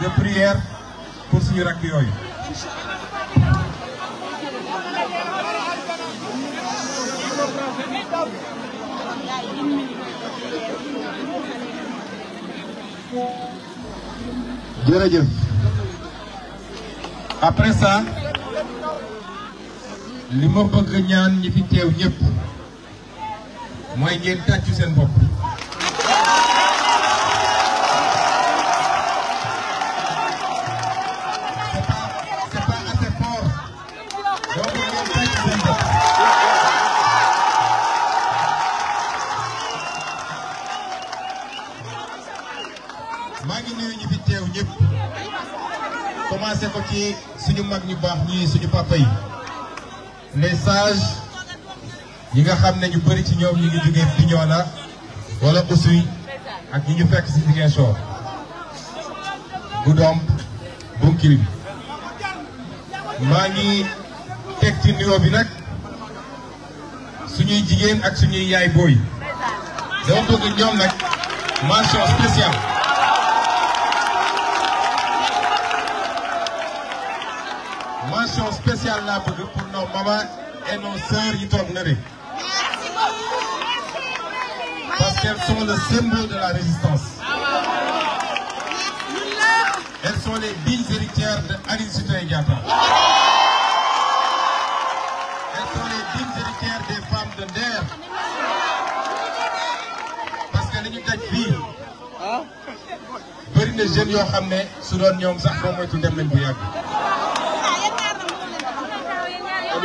de pour suñu rakk yooyu. jërëjëf après ça li ma bëgg ñaan ñi fi teew ñëpp mooy ngeen tàccu seen bopp. suñu mag ñu baax ñii suñu papa yi les sages nga xam ne ñu bëri ci ñoom ñu ngi jógee Bignona wala Oussouye ak ñi ñu fekk si Ziguinchor Goudomp Bounkiling maa ngi teg ci nuyoo bi nag suñuy jigéen ak suñuy yaay booy dama bëgg ñoom nag mention spéciale mention spéciale là bëgg pour nos mamans et nos sœurs yi toog na beaucoup. parce qu'elles sont le symbole de la résistance elles sont les dignes héritières de Aline Sitoé elles sont les dignes héritières des femmes de Nder parce qu'elles sont ñu daj fii Pour ah. na jeunes qui xam été su doon ñoom sax fait dem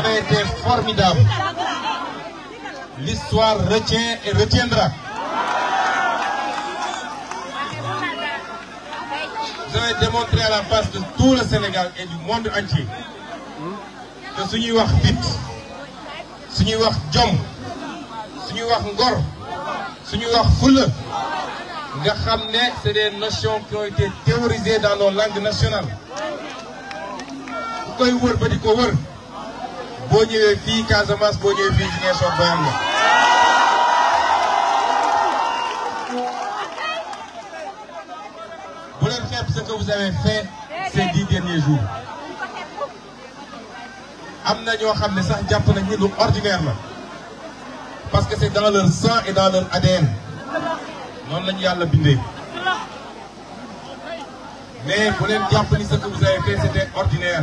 vous avez été formidable. L'histoire retient et retiendra. Vous avez démontré à la base de tout le Sénégal et du monde entier que suñuy wax fit suñuy wax jom suñuy wax ngor suñuy wax fulla nga Nous ne des notions qui ont été théorisées dans nos langues nationales Vous ils wër ba di boo ñëwee fii Casamance boo je viens de bayam Vous bu leen xeeb ce que vous avez fait ces dix derniers jours Amna na ñoo xam ne sax jàpp nañ ni lu ordinaire parce que c'est dans leur sang et dans leur ADN Non, la a yàlla bindee mais bu leen jàpp ni ce que vous avez fait c'était ordinaire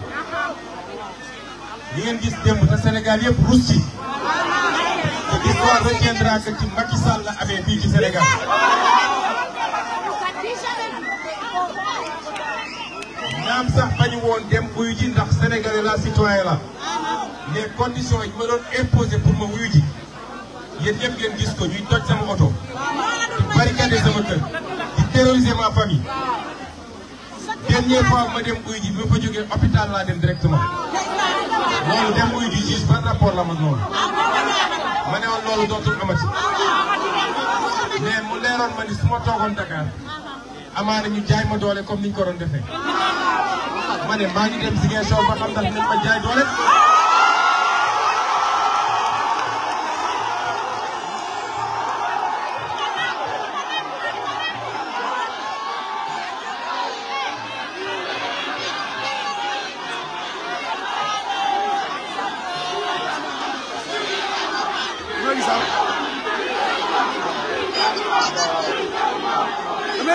li ngeen gis démb te Sénégal yëpp ruus l'histoire retiendra que ci Macky Sall la amee fii ci Sénégal. naam sax bañu woon dem wuyu ji ndax sénégalais la citoyen la les conditions yi ma doon imposé pour ma wuyu ji yéen ñëpp ngeen gis ko ñuy toj sama oto di barricade sama kër di terroriser ma famille. dernière fois ma dem wuyu ji bi ma fa jógee hôpital laa dem directement. loolu dem muy di gis ban rapport la ma loolu ma ne woon loolu dootul amati mais mu leeroon ma ni su ma toogoon Dakar amaana ñu jaay ma doole comme niñ ko doon defee ma ne maa ngi dem Ziguinchor ba xam ndax nañ ma jaay doole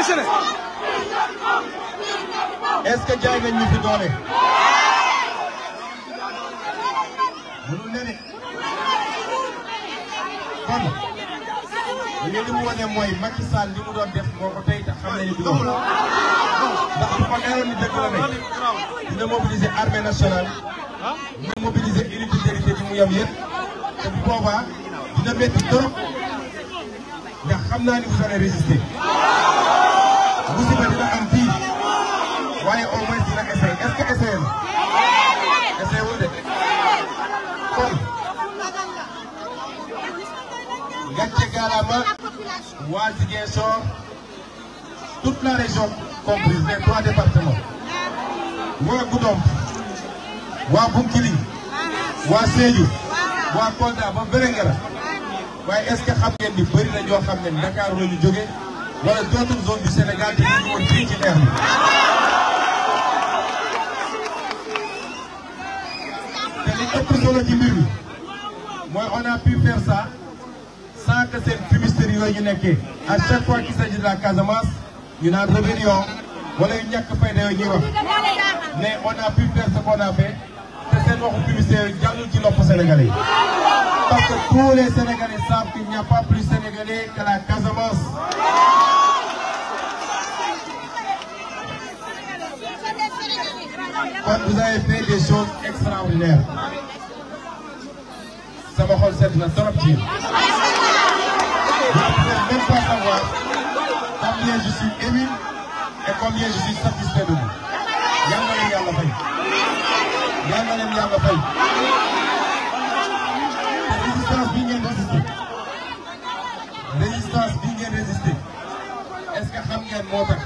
démissionné. est-ce que jaay nañ ñu fi doole. mënul ne de. kon li mu wane mooy Macky Sall li mu doon def moo ko tey tax xam nañu du ndax bu ko neexoon ni dëgg la ne dina mobiliser armée nationale. dina mobiliser unité sécurité bi mu yam yëpp. te bu boobaa dina métti trop ndax xam naa ni vous allez résister. musiba dina am fii waaye au moins dina essayé est ce que essayé na. essayé wul de kon gàcce gaaraama waa Ziguinchor toute la région comprise les trois départements waa Goudomp waa Bounkiling waa Sédhiou waa Kolda ba Vélingara waaye est ce que xam ngeen ni bëri na ñoo xam ne Dakar la ñu wala autres zones du Sénégal qui une woon fii ci leer bi. te li qui solo Moi, on a pu faire ça sans que cette fumisterie ne ñu pas. à chaque fois qu'il s'agit de la Casamance il a une rébellion wala yu ñàkk fayda yooyu de wax mais on a pu faire ce qu'on a fait te seen waxu publicité yooyu qui ci lopp Sénégalais parce que tous les Sénégalais savent qu'il n'y a pas plus Sénégalais que la Casamance. vous avez fait des choses extraordinaires. Ça va cette la Je ne savoir combien je suis ému et combien je suis satisfait de vous. Résistance bien résistée. Résistance bien résistée. Est-ce que vous savez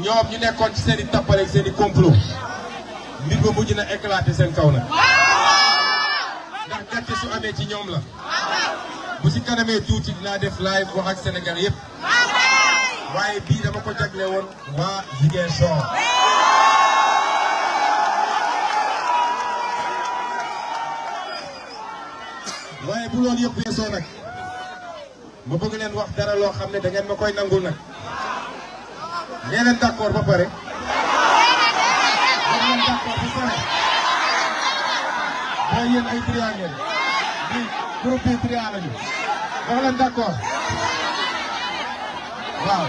ñoom ñu nekkoon ci seeni i tappale seen i complot mbir ba mujj na éclater seen kaw nag ndax gàcce su amee ci ñoom la bu si kanamee tuuti dinaa def live wax ak Sénégal yëpp waaye bii dama ko jagle woon waa Ziguinchor waaye bu loolu yëpp weesoo nag ma bëgg leen wax dara loo xam ne da ngeen ma koy nangul nag nee leen d'accord ba pare. nee leen ba pare. mooy yéen ay triant ngeen. bii groupe bi leen d'accord waaw.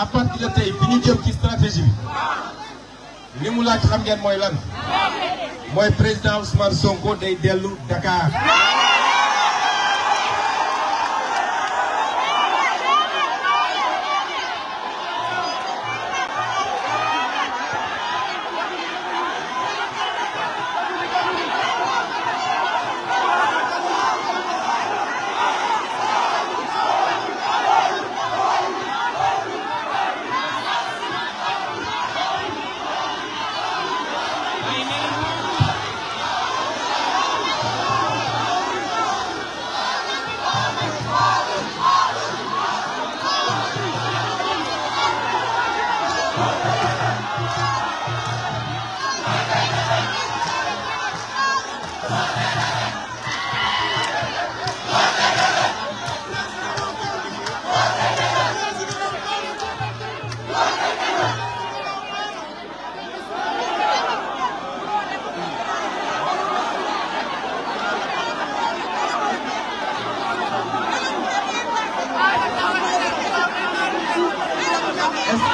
à partir de tey bi ñu jëm ci stratégie bi li mu laaj xam ngeen mooy lan mooy président Ousmane Sonko day dellu Dakar.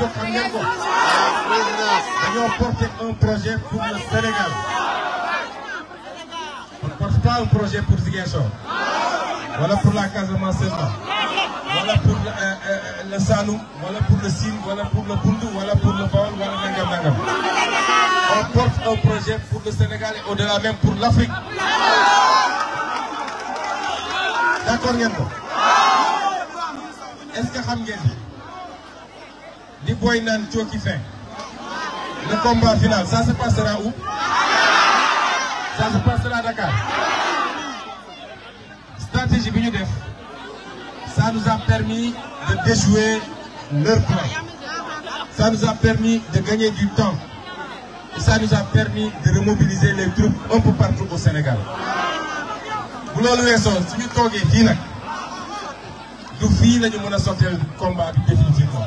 On porte un projet pour le Sénégal on ne porte pas un projet pour Ziguinchor Voilà pour la de Voilà pour euh, euh, le Saloum Voilà pour le Sine Voilà pour le Bundu Voilà pour le Voilà pour le nangam on porte un projet pour le Sénégal et au-delà même pour l'Afrique d'accord ngeen est-ce que avez ngeen le combat final, ça se passera où Ça se passera à Dakar. Stratégie bi ça nous a permis de déjouer leur plan. Ça nous a permis de gagner du temps. Et ça nous a permis de remobiliser les troupes un peu partout au Sénégal. Vous l'avez weesoo si toogee fii nag du fii la ñu combat définitivement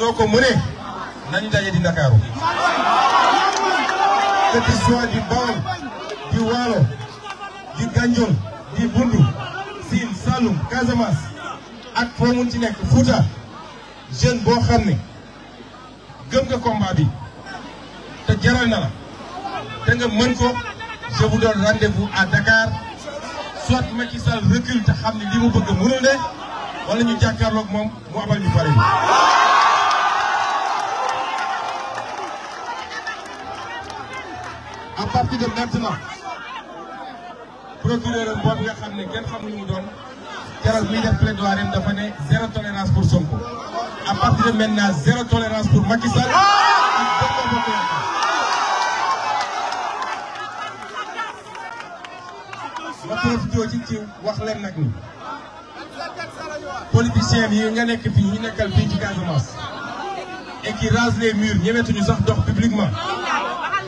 soo ko mënee nañu daje di Ndakaaru que tu sois di Bawol di Waalo di Ganjol di Bundu Sine Saloum Casamance ak foo mun ci nekk Fouta jeune boo xam ne gëm nga combat bi te jaral na la te nga mën ko je vous donne rendez-vous à Dakar soit Macky Sall te xam ne li mu bëgg mënul ne wala ñu jàkkaarloog moom mu amal ñu pare. à partir de maintenant procureur boobu nga xam ne kenn xamuñu mu doon keroog mi def plaidoirie dafa ne zéro tolérance pour Sonko à partir de maintenant zéro tolérance pour Macky Sall ma profité ci ci wax leen nag ni politiciens yi nga nekk fii ñu nekkal fii ci Casamance et qui rasent les murs ñemetuñu sax dox publiquement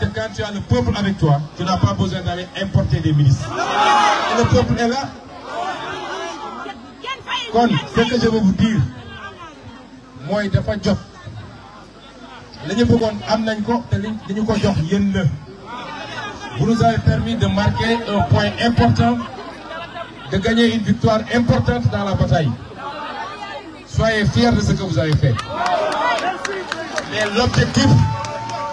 Parce que quand tu as le peuple avec toi, tu n'as pas besoin d'aller importer des ministres. le peuple est là. Donc, ce que je veux vous dire, moi, il vous nous avez permis de marquer un point important de gagner une victoire importante dans la bataille soyez fiers de ce que vous avez fait mais l'objectif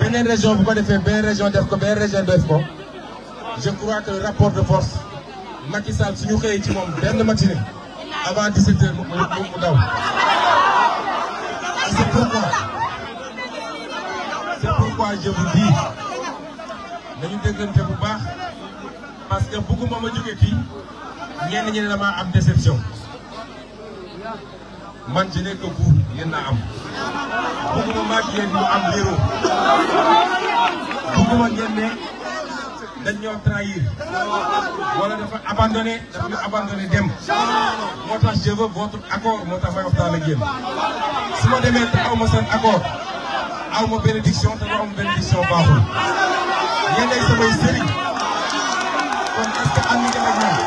beneen région bu ko defee beneen région def ko beneen région def ko je crois que le rapport de force Macky Sall suñu xëyee ci moom benn matinée avant 17 heures mu mu daw. c'est pourquoi c'est pourquoi je vous dis nañu déggante bu baax parce que bëgguma ma jóge fii ñenn ñi ne damaa am déception. man je n'ai que vous yéen laa am bëgguma maag yéen am réeróo bëgguma ngeen ne dañ ñoo trahir wala dafa abandonné dafa ñu abandonné dem moo tax je veux votre accord moo tax may waxtaan ak yéen su ma demee te aw ma seen accord aw ma bénédiction te lu am bénédiction baaxul yéen ay samay sëriñ kon est-ce que am na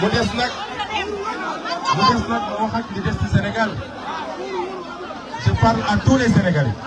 mu des nag mu des nag ma wax ak li des ci Sénégal je parle à tous les Sénégalais.